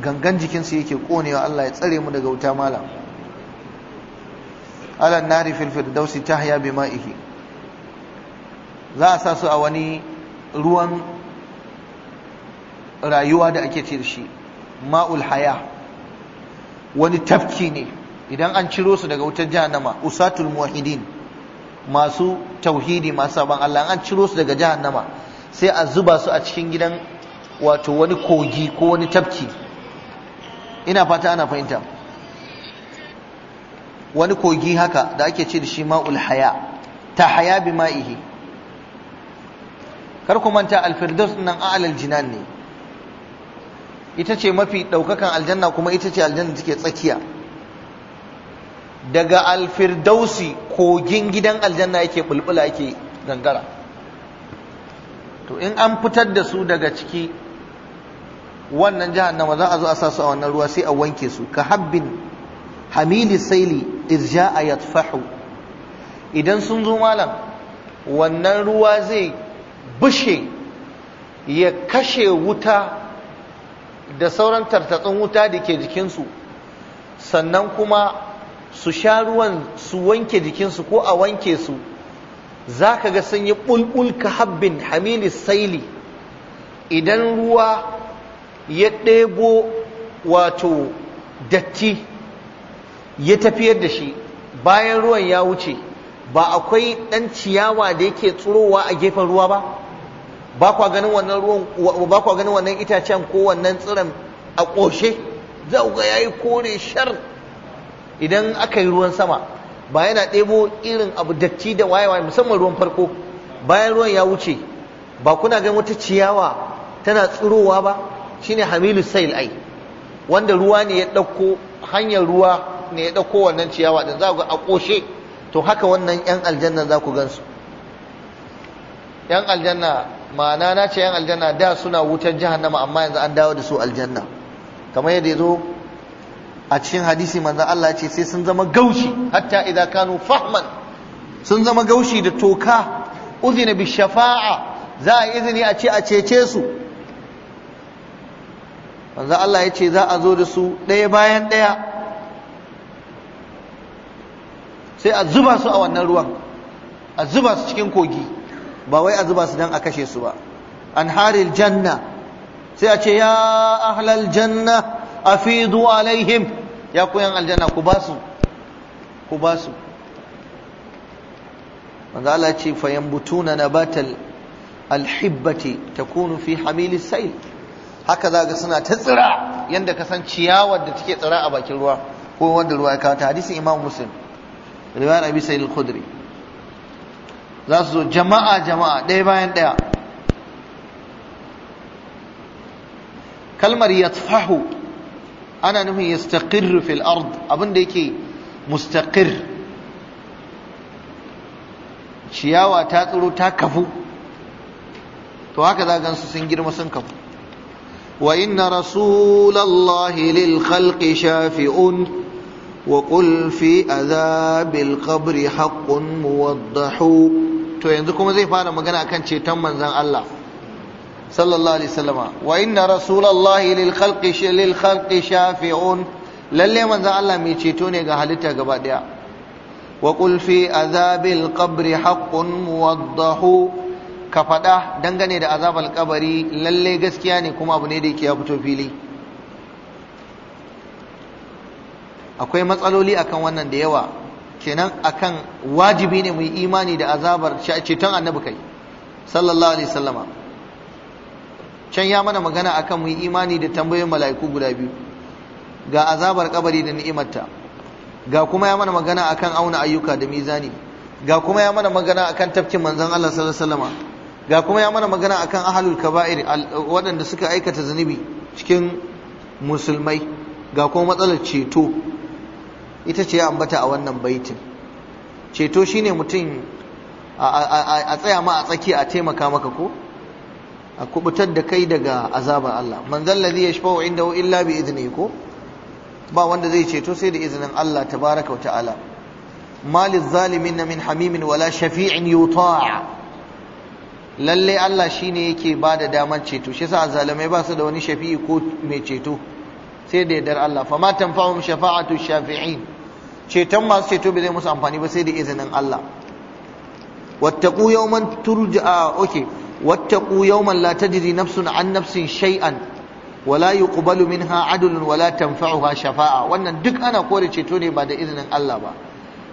gangan jikin su yake konewa Allah ya tsare mu daga wuta malam. alan nari fil firdausi tahya ma'ihi za a sa su a wani ruwan rayuwa da ake ce shi ma'ul haya wani tafki ne idan an ciro su daga wutar jahannama usatul muwahidin masu tauhidi masu sabon Allah an ciro su daga jahannama sai a zuba su a cikin gidan wato wani kogi ko wani tafki ina fata ana fahimta wani kogi haka da ake ce da shi ma'ul haya ta haya bi ma'ihi kar ku manta alfirdaus nan a'lal jinan ne ita ce mafi daukakan aljanna kuma ita ce aljanna take tsakiya daga alfirdausi kogin gidan aljanna yake bulbula yake gangara to in an fitar da su daga ciki wannan jihar jahannama za a zo a sa su a wannan ruwa sai a wanke su ka habbin hamili saili irja a yatfahu idan sun zo malam wannan ruwa zai bushe ya kashe wuta da sauran tartatsun wuta da ke jikinsu sannan kuma su sha ruwan su wanke jikinsu ko a wanke su za ka ga sun yi ɓulɓul ka habbin hamili saili idan ruwa ya ɗebo wato datti ya tafiyar da shi bayan ruwan ya wuce ba akwai ɗan ciyawa da yake tsurowa a gefen ruwa ba ba kwa ganin wannan itacen ko wannan tsiron a ƙoshe za ku ga ya yi kore shar idan aka yi ruwan sama ba yana ɗebo irin abu datti da waye-waye musamman ruwan farko bayan ruwan ya wuce ba kuna ganin wata ciyawa tana tsirowa ba shine hamilu sail ai wanda ruwa ne ya ɗauko hanyar ruwa ne ya ɗauko wannan ciyawa din za ku a ƙoshe to haka wannan 'yan aljanna za ku gansu 'yan aljanna ma'ana na ce 'yan aljanna da suna wutar jahannama amma yanzu an dawo da su aljanna kamar yadda ya zo a cikin hadisi manzon Allah ya ce sai sun zama gaushi hatta idza kanu fahman sun zama gaushi da toka uzina bi shafa'a za a izini a ce a cece su manzon Allah ya ce za a zo da su ɗaya bayan ɗaya sai a zuba su a wannan ruwan a zuba su cikin kogi ba wai a zuba su dan a kashe su ba an haril janna sai a ce ya ahlal janna afidu alaihim ya koyan aljanna ku ba su ku ba su manzo Allah ya ce fayambutuna nabatal alhibbati takunu fi hamili sayl haka za ga suna ta tsira yanda ka san ciyawar da take tsira a bakin ruwa ko wanda ruwa ya kawo ta hadisin imam muslim riwayar abi sayyid al za su zo jama'a jama'a ɗaya bayan ɗaya kalmar yatfahu ana nufin yastaqirru fil ard abin da yake mustaqir ciyawa ta tsiro ta kafu to haka za gansu sun girma sun kafu wa inna rasulallahi lil khalqi shafi'un qul fi haƙƙun qabri haqqun muwaddahu to yanzu kuma zai fara magana kan ceton manzon Allah Sallallahu alhihi salama. Wa ina rasulallah lil khalfi shi, lil khalfi shafe on. Lallai man za Allah mai ceto ne ga halitta gabaɗaya. Waƙulfi azabin kabirin hakun waɗoho ka faɗa dangane azabar kabari lallai gaskiya ne kuma abu ne da ya fito fili. Akwai matsaloli akan wannan da yawa. Kenan akan wajibi ne mun yi imani da azabar ceton annabukai. Sallallahu alhihi salama. can ya mana magana akan mu yi imani da tambayoyin mala'iku guda biyu ga azabar kabari da ni'imarta ga kuma ya mana magana akan auna ayyuka da mizani ga kuma ya mana magana akan tafkin manzon Allah sallallahu alaihi wasallam ga kuma ya mana magana akan ahlul kaba'ir waɗanda suka aikata zunubi cikin musulmai ga kuma matsalar ceto ita ce ya ambata a wannan baitin ceto shine mutum a tsaya ma a tsaki a taimaka maka ko a kubutar da kai daga azabar Allah man zalladhi yashfa'u indahu illa bi idni ko ba wanda zai ceto sai da izinin Allah tabaraka wa ta'ala maliz zalimin min hamimin wala shafi'in yuta'a lalle Allah shine yake bada damar ceto shi yasa zalimai ba su da wani shafi'i ko mai ceto sai da yardar Allah fa ma tanfa'um shafa'atu shafi'in ceton masu ceto bai zai musu amfani ba sai da izinin Allah wattaqu yawman turja'a okay wattaqu yawman la tajri nafsun an nafsin shay'an wala yuqbalu minha adlun wala tanfa'uha shafa'a wannan duk ana kore ceto ne ba da izinin Allah ba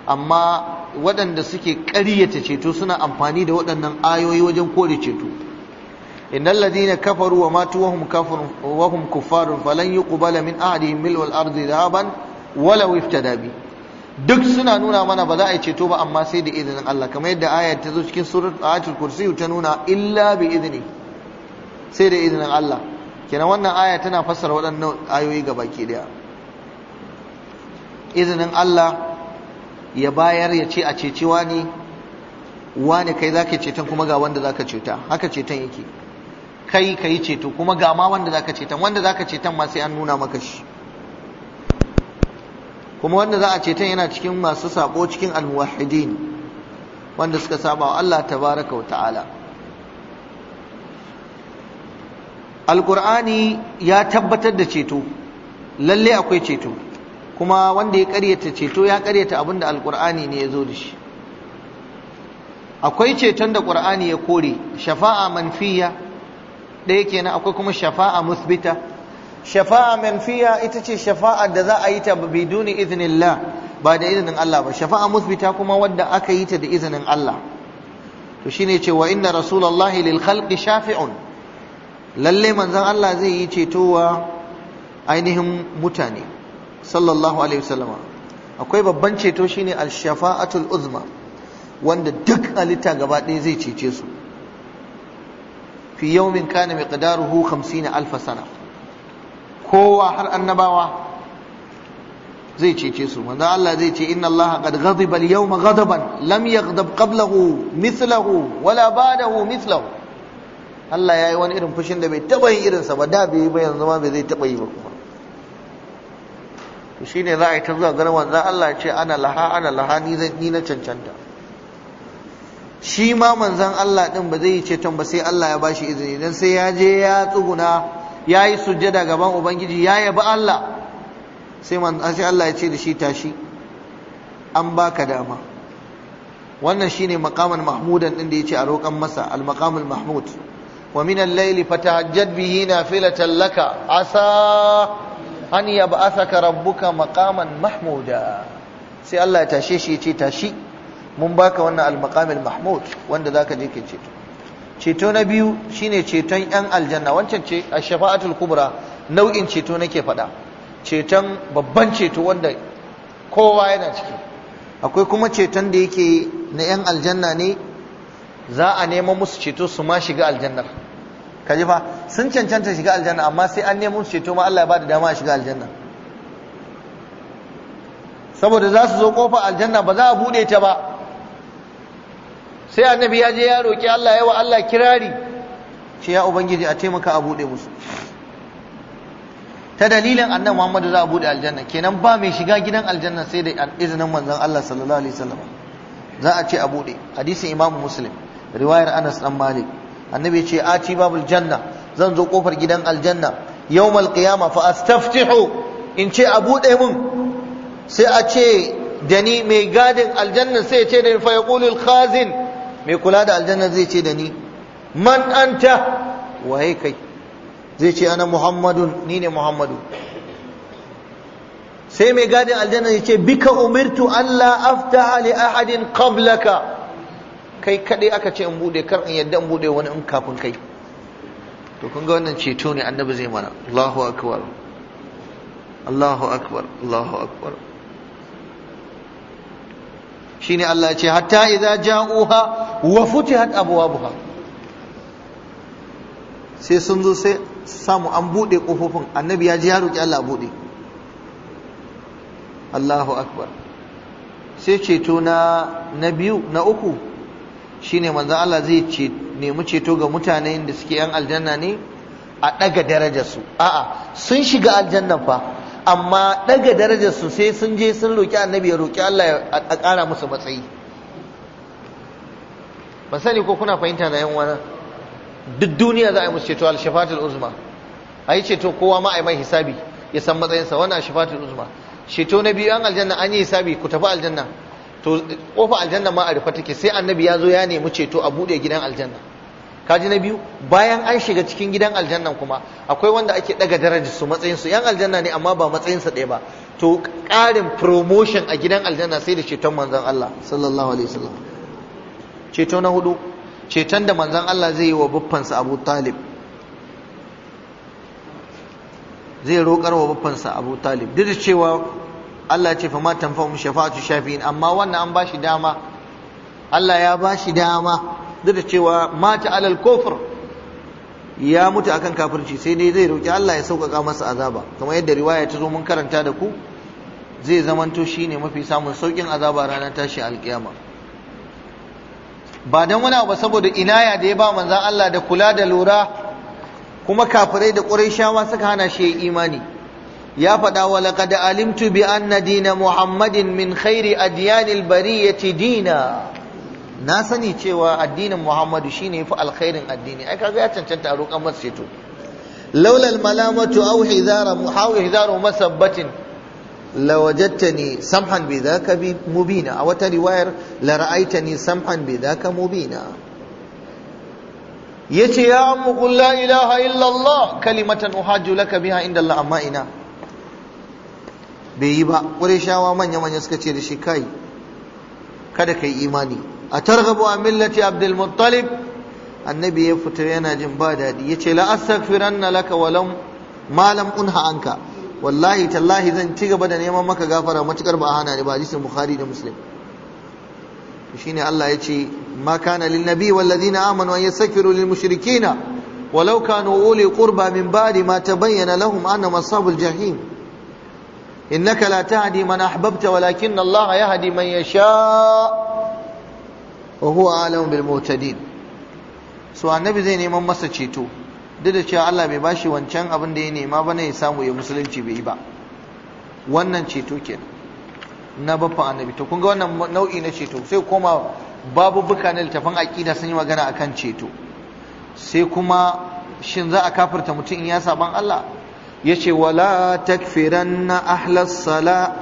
amma waɗanda suke ƙaryata ceto suna amfani da waɗannan ayoyi wajen kore ceto innal ladina kafaru wa matu wa hum kafirun wa hum kuffarun falan yuqbala min ahadihim mil'ul ardi dhahaban wala iftada bi duk suna nuna mana ba za a yi ceto ba amma sai da izinin Allah kamar yadda ayar ta zo cikin surat ayatul kursi ta nuna illa bi izini sai da izinin Allah kenan wannan aya tana fassara waɗannan ayoyi gaba ke daya izinin Allah ya bayar ya ce a ceci wani wani kai zaka ceton kuma ga wanda zaka ceta haka ceton yake kai kai ceto kuma ga ma wanda zaka ceton wanda zaka ceton ma sai an nuna maka shi kuma wanda za a ceton yana cikin masu sabo cikin almuwahidin wanda suka saba wa Allah tabaraka wa ta'ala alqur'ani ya tabbatar da ceto lalle akwai ceto kuma wanda ya ƙaryata ceto ya karyata da alqur'ani ne ya zo da shi akwai ceton da qur'ani ya kore shafa'a manfiya ɗaya kenan akwai kuma shafa'a musbita shafa'a manfiya ita ce shafa'a da za a yi ta biduni iznillah ba da izinin Allah ba shafa'a musbita kuma wadda aka yi ta da izinin Allah to shine ce wa inna rasulullahi lil khalqi shafi'un lalle manzon Allah zai yi ceto wa ainihin mutane sallallahu alaihi wasallama akwai babban ceto shine al-shafa'atul uzma wanda duk halitta gaba ɗaya zai cece su fi yawmin kana miqdaruhu 50000 sana kowa har annabawa zai cece su manzo Allah zai ce inna Allah qad ghadiba al-yawma ghadaban lam yaghdab qablahu mithlahu wala ba'dahu mithlahu Allah yayi wani irin fushin da bai taba yin irin sa ba da bai ba yanzu ma bai zai taba yi ba kuma to shine za a yi ta zuwa ganin manzo Allah ya ce ana laha ana laha ni zan ni na cancanta shi ma manzon Allah din ba zai yi ceton ba sai Allah ya bashi izini dan sai ya je ya tsuguna ya yi sujjada gaban ubangiji ya yabi Allah sai Allah ya ce da shi tashi an baka dama wannan shine maqaman mahmudan din da yace a roƙan masa al maqamul mahmud wa min al-layl fatahajjad bihi nafilatan laka asa an yab'athaka rabbuka maqaman mahmuda sai Allah ya tashe shi ya ce tashi mun baka wannan al maqamul mahmud wanda zaka je ke to ceto na biyu shine ceton yan aljanna wancan ce a shafa'atul kubra nau'in ceto nake faɗa ceton babban ceto wanda kowa yana ciki akwai kuma ceton da yake na yan aljanna ne za a nema musu ceto su ma shiga aljannar kaji fa sun cancanta shiga aljanna amma sai an nemo musu ceto ma Allah ya ba da dama a shiga aljanna saboda za su zo kofar aljanna ba za a buɗe ta ba sai annabi ya je ya roki Allah yawa Allah kirari ce ya ubangiji a taimaka a bude musu ta dalilin annabi Muhammadu za a bude aljanna kenan ba mai shiga gidan aljanna sai da izinin manzon Allah sallallahu alaihi wasallam za a ce a bude hadisin Imam Muslim riwayar Anas dan Malik annabi ya ce ati babul janna zan zo kofar gidan aljanna yawmal qiyama fa astaftihu in ce a bude mun sai a ce da ni mai gadin aljanna sai ya ce da fa yaqulu al khazin mai kula da aljanna zai ce da ni man anta waye kai zai ce ana muhammadun ni ne muhammadu sai mai gadin aljanna ya ce bika umirtu Allah aftaha li ahadin qablaka kai kadai aka ce in bude kar in yadda in bude wani in kafin kai to kun ga wannan ceto ne annabi zai mana Allahu akbar Allahu akbar Allahu akbar shine Allah ya ce hatta idza ja'uha wa futihat abwabuha sai sun zo sai samu an bude kofofin annabi ya ji ya roki Allah bude Allahu akbar sai ceto na na biyu na uku shine manzon Allah zai ce nemi ceto ga mutanen da suke yan aljanna ne a daga darajar su a'a sun shiga aljanna fa amma daga darajar su sai sun je sun roki annabi ya roki Allah a ƙara musu matsayi Masani sani ko kuna fahimta na yan wani duk duniya za a yi musu ceto al-shafatul uzma a yi ceto kowa ma a yi mai hisabi ya san matsayinsa wani al-shafatul uzma ceto na biyu an aljanna an yi hisabi ku tafi aljanna to kofa aljanna ma a rufe take sai annabi ya zo ya nemi ceto a buɗe gidan aljanna kaji na biyu bayan an shiga cikin gidan aljanna kuma akwai wanda ake daga darajar su matsayin su yan aljanna ne amma ba matsayin sa ɗaya ba to ƙarin promotion a gidan aljanna sai da ceton manzon Allah sallallahu alaihi wasallam ceto na hudu ceton da manzon Allah zai yi wa sa Abu Talib zai roƙar wa sa Abu Talib duk da cewa Allah ce fa ma tanfa'u shafa'atu shafi'in amma wannan an bashi dama Allah ya bashi dama duk da cewa mata alal kofar ya mutu akan kafirci sai dai zai roki Allah ya sauƙaƙa masa azaba kamar yadda riwaya ta zo mun karanta da ku zai zamanto shi ne mafi samun sauƙin azaba ranar tashi alƙiyama ba don wani ba saboda inaya da ya ba manza Allah da kula da lura kuma kafirai da shawa suka hana shi ya imani ya faɗa wa laqad alimtu bi anna dina muhammadin min khairi adyanil bariyati dina na sani cewa addinin muhammadu shine yafi alkhairin addini ai kaga ya cancanta a roƙan masa ceto laula almalamatu aw hidara muhaw hidaru masabbatin lawajadtani samhan bidhaka mubina a wata riwayar la ra'aitani samhan bidhaka mubina yace ya ammu qul la ilaha illa allah kalimatan uhajju laka biha inda allah amma ina bai yi ba shawa manya-manya suka ce da shi kai kada ka yi imani a targhabu a millati abdul muttalib annabi ya fita yana jin ba daɗi ya ce la'astaghfiranna laka walam malam unha anka wallahi tallahi zan ci gaba da neman maka gafara matukar ba hana ni ba hadisin bukhari da muslim shine Allah ya ce ma kana lin nabi wal ladina amanu an yastaghfiru lil mushrikina walau kanu uli qurba min ba'di ma tabayyana lahum anna masabul jahim innaka la tahdi man ahbabta walakin Allah yahdi man yasha' wa huwa alamu bil mutadin so annabi zai neman masa ceto duk da cewa Allah bai bashi wancan abin da ya nema ba ne ya samu ya musulunci bai yi ba wannan ceto kenan na baffan annabi to kun ga wannan nau'i na ceto sai koma babu buka na littafin aqida sun yi magana akan ceto sai kuma shin za a kafirta mutum in ya saban Allah ya ce wala takfiranna ahlas sala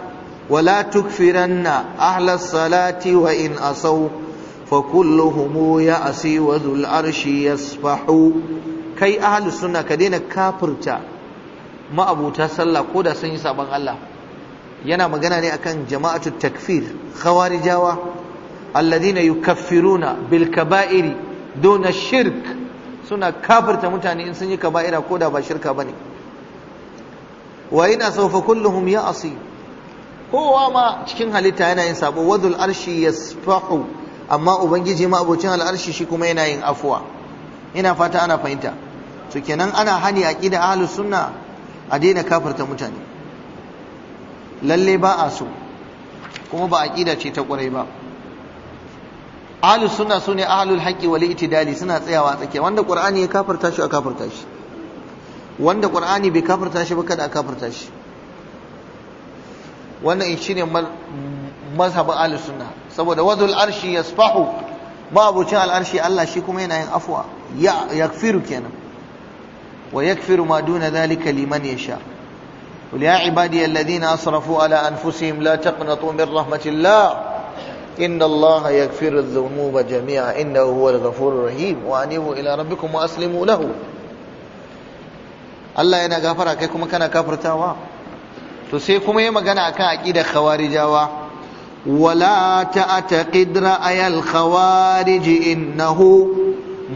wala tukfiranna ahlas salati wa in asau فكلهم يأسي وذو العرش يسبح كي أهل السنة كدين كافرتا ما أبو تسلى كودا سني سابن الله ينا مغانا ني أكن جماعة التكفير خوارجاوة الذين يكفرون بالكبائر دون الشرك سنة كافرتا متاني إنسان كبائر كودا بشركة بني وإن سوف كلهم يأسي kowa ma cikin halitta yana yin sabo wadul arshi yasfahu amma ubangiji ma abocin al'arshi shi kuma yana yin afuwa ina fata ana fahimta to kenan ana hani aqida ahlus sunna a daina kafirta mutane lalle ba a so kuma ba aqida ce ta ƙwarai ba ahlus sunna sune ahlul haqqi wal itidali suna tsayawa tsakiya wanda qur'ani ya kafirta shi a kafirta shi wanda qur'ani bai kafirta shi ba kada a kafirta shi wannan shine mazhabin ahlus sunna saboda wadul arshi yasfahu al arshi Allah shi kuma yana yin afwa yakfiru kenan wa yakfiru ma duna dhalika liman yasha قل يا عبادي الذين أسرفوا على أنفسهم لا تقنطوا من رحمة الله إن الله يغفر الذنوب جميعا إنه هو الغفور الرحيم وأنيبوا إلى ربكم وأسلموا lahu Allah yana gafara kai kuma kana kafirtawa to sai kuma yayi magana akan aqidar khawarijawa ولا تعتقد رأي الخوارج إنه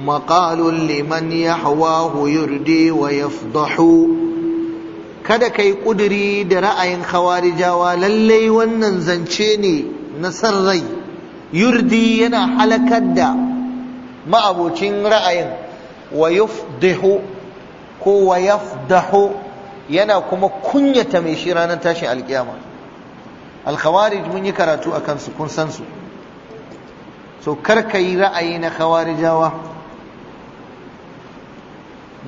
مقال لمن يحواه يردي ويفضح kada kai ƙudiri da ra'ayin khawarijawa lallai wannan zance ne na san rai yurdi yana halakar da ma'abocin ra'ayin wa yufdihu ko wa yafdahu yana kuma kunyata mai shi ranar tashin alkiyama alkhawarij mun yi karatu a su kun san su so kar ka yi ra'ayi na khawarijawa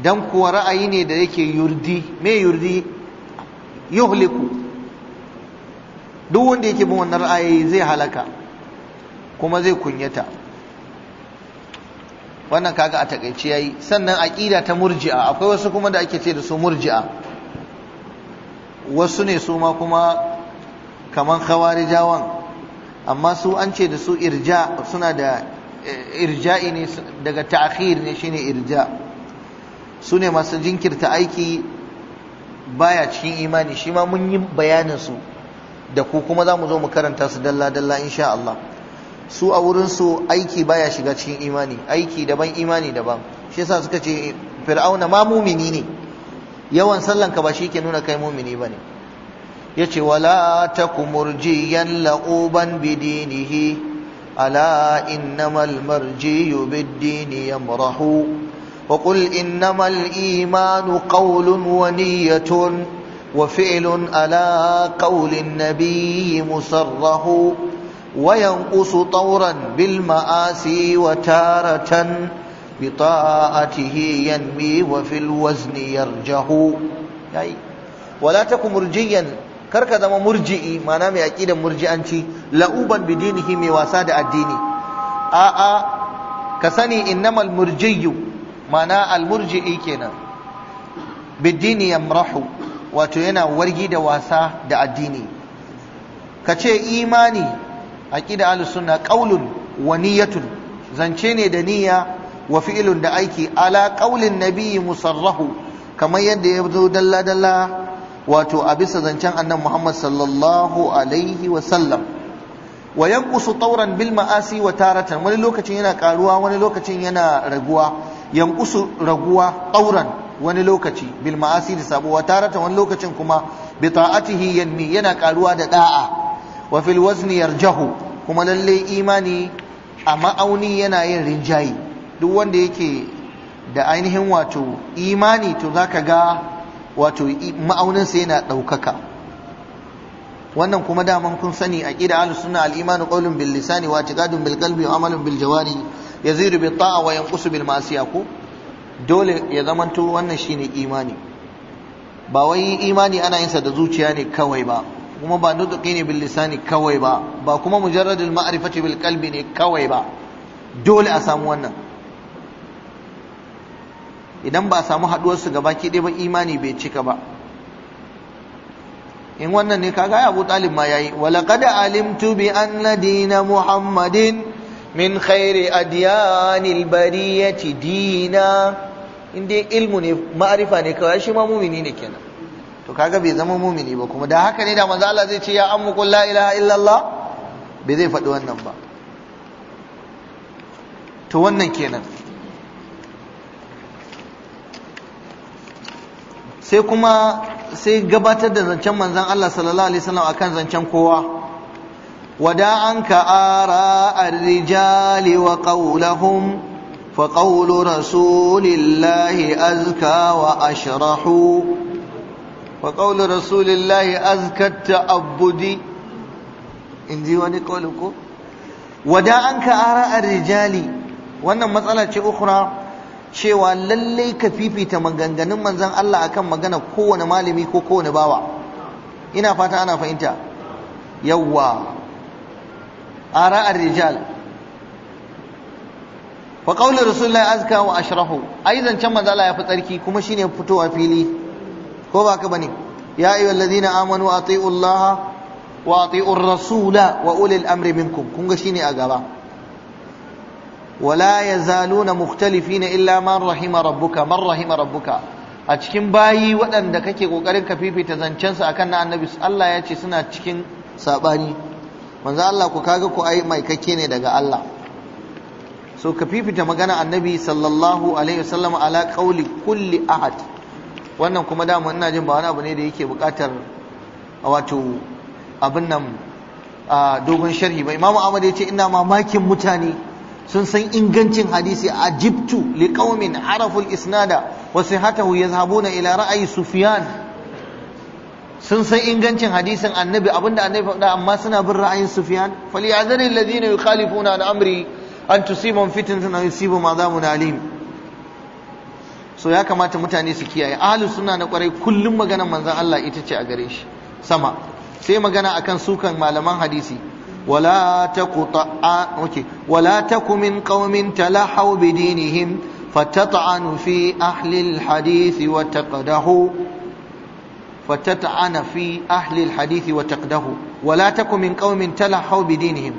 dan kuwa ra'ayi ne da yake yurdi me yurdi yuhliku duk wanda yake bin wannan ra'ayi zai halaka kuma zai kunyata wannan kaga a takaice yayi sannan aqida ta murji'a akwai wasu kuma da ake ce da su murji'a wasu ne su ma kuma kaman khawarijawan amma su an ce da su irja suna da e, irja'i ne daga ta'khir ne shine irja su ne masu jinkirta aiki baya cikin imani shi ma mun yi bayanin su da ku kuma za mu zo mu karanta su dalla dalla insha Allah su a wurin su aiki baya shiga cikin imani aiki daban imani daban shi yasa suka ce fir'auna ma mumini ne yawan sallanka ba shi ke nuna kai mumini bane ne yace wala taku murjiyan laquban bidinihi ala innamal marjiyu bid-dini yamrahu wa qul innamal imanu qawlun wa niyyatun wa fi'lun ala qawlin nabiyyi musarrahu وينقص طورا بالمآسي وتارة بطاعته ينمي وفي الوزن يرجه أي ولا تكن مرجيا kar ka zama murji'i ma'ana mai aqidan murji'anci la'uban bidinihi mai wasa da addini a'a ka sani innamal murjiyu ma'ana al-murji'i kenan bidini yamrahu wato yana wargi da wasa da addini ka ce imani aqida ahlus sunna qaulun wa niyyatun zance ne da niyya wa fi'lun da aiki ala qaulin nabiyyi musarrahu kamar yadda ya zo dalla dalla wato a bisa zancen annan Muhammad sallallahu alaihi wa sallam wa tauran bil ma'asi wa taratan wani lokacin yana karuwa wani lokacin yana raguwa yanqusu raguwa tauran wani lokaci bil ma'asi da sabo wa taratan wani lokacin kuma bi ta'atihi yanmi yana karuwa da da'a wa fil wazni yarjahu kuma lalle imani a ma'auni yana yin rinjayi duk wanda yake da ainihin wato imani to zaka ga wato ma'auninsa yana ɗaukaka wannan kuma daman kun sani a ƙida ahlus sunna al imanu qawlun bil lisani wa i'tiqadun bil qalbi wa amalun bil jawari yaziru bit ta'a wa yanqusu bil ma'siya ko dole ya zamanto wannan shine imani ba wai imani ana yin sa da zuciya ne kawai ba kuma ba nutqi ne bil lisani kawai ba ba kuma mujarradul ma'rifati bil qalbi ne kawai ba dole a samu wannan idan ba samu haduwar su gabaki ba imani bai cika ba in wannan ne kaga ya Talib ma yayi kada alimtu bi anna dina Muhammadin min khairi adyanil bariyati dina inda ilmu ne ma'arifa ne kawai shi ma mumini ne kenan to kaga bai zama mumini ba kuma da haka ne da manzo Allah zai ce ya ammu qul la ilaha illallah bai zai faɗi wannan ba to wannan kenan sai kuma sai gabatar da zancen manzan Allah sallallahu alaihi wasallam akan zancen kowa wada'an ka ara ar-rijali wa qawluhum fa qawlu rasulillahi azka wa ashrahu fa qawlu rasulillahi azka ta'abbudi in ji wani qawlu ko wada'an ka ara ar-rijali wannan matsala ce ukhra cewa lallai ka fifita maganganun manzan Allah akan magana kowane malami ko kowane bawa ina fata ana fahimta yawwa ara'ar rijal fa qawli rasulullahi azka wa ashrahu ai zancan manzan Allah ya fi tsarki kuma shine fitowa fili ko ba ka bane ya ayyuhal ladina amanu atiullaha wa atiur rasula wa ulil amri minkum kun ga shine a gaba wala يزالون مختلفين illa man rahima ربك man rahima ربك a cikin bayi waɗanda kake kokarin ka fifita zancen su akan na annabi Allah ya ce suna cikin sabani manzo Allah ku kaga ku ai mai kake ne daga Allah so ka fifita magana annabi sallallahu alaihi wasallam ala qauli kulli ahad wannan kuma da dama ina jin ba wani abu ne da yake buƙatar wato abin nan a dogon sharhi ba imamu ahmad ya ce ina mamakin mutane sun san ingancin hadisi a ajibtu liqaumin araful isnada ya zabo na ila ra'ayi sufyan sun san ingancin hadisin annabi abinda annabi faɗa amma suna bin ra'ayin sufyan falyazari alladhina yukhalifuna an amri an tusibum ma za mu na alim so ya kamata mutane su kiyaye ahlus suna na kwarai kullum maganar manzan Allah ita ce a gare shi sama sai magana akan sukan malaman hadisi ولا تقطع اوكي ولا تك من قوم تلحوا بدينهم فتطعن في اهل الحديث وتقدحوا فتطعن في اهل الحديث وتقدحوا ولا تك من قوم تلحوا بدينهم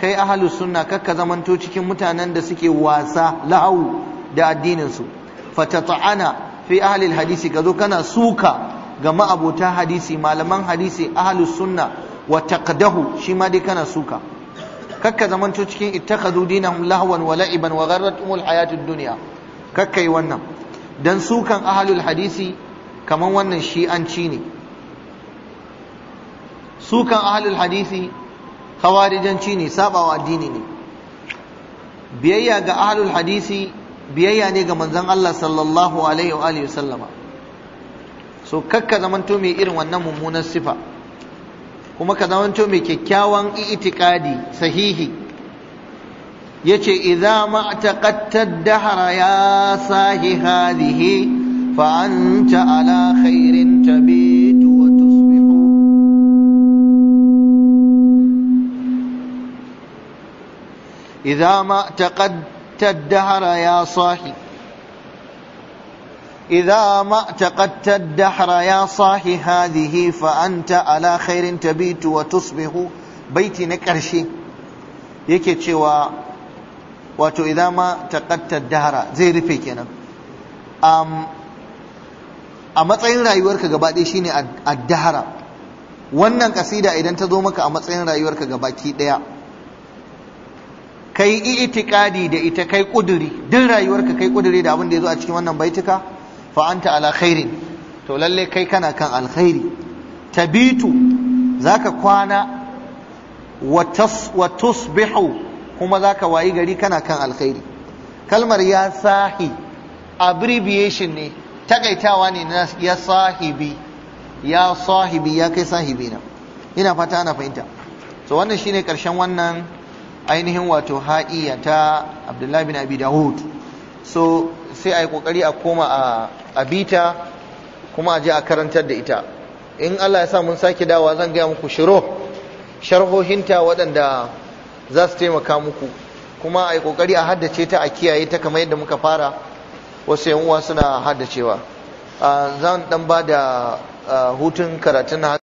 kai ahalus sunna kakka zamanto cikin mutanen da suke wasa lahau da addinin su fatata'ana fi ahli hadisi kazo kana suka ga ma'abota hadisi malaman hadisi ahalus wa shima shi kana suka kakka zamanto cikin ittakhadhu dinahum lahwan wa la'iban wa gharratumul hayatud dunya kakka wannan dan sukan ahlul hadisi kaman wannan shi'anci ne sukan ahlul hadisi khawarijanci ne sabawa addini ne biyayya ga ahlul hadisi biyayya ne ga manzon Allah sallallahu alaihi wa alihi wasallama so kakka zamanto mai irin wannan mummunan sifa kuma ka zamanto mai kyakkyawan i'tiqadi sahihi yace idza ma taqattad dahra ya sahi hadhihi fa anta ala khairin tabitu wa tusbihu idza ma taqattad dahra ya sahi إذا ما اعتقدت الدحر يا صاحي هذه فأنت على خير تبيت وتصبح بيتي نكرشي yake cewa wato idan ma taqattar dahara zai rufe kenan a matsayin rayuwarka gaba ɗaya shine addahara wannan kasida idan ta zo maka a matsayin rayuwarka ki ɗaya kai itikadi da ita kai kuduri duk rayuwarka kai kuduri da abin da ya zo a cikin wannan baituka Fa'anta anta to lalle kai kana kan alkhairi tabitu zaka kwana wa tusbihu kuma zaka wayi gari kana kan alkhairi kalmar ya sahi abbreviation ne takaitawa ne na ya sahibi ya sahibi ya kai sahibi na ina fata ana fahimta so wannan shine karshen wannan ainihin wato ha'iya ta Abdullahi bin Abi Dawud so sai a yi kokari a koma a bita kuma a je a karantar da ita in Allah ya sa mun sake dawa zan gaya muku shiro sharhohinta waɗanda za su taimaka muku kuma a yi kokari a haddace ta a kiyaye ta kamar yadda muka fara wasu yan uwa suna haddacewa ah, zan dan ba da ah, hutun karatun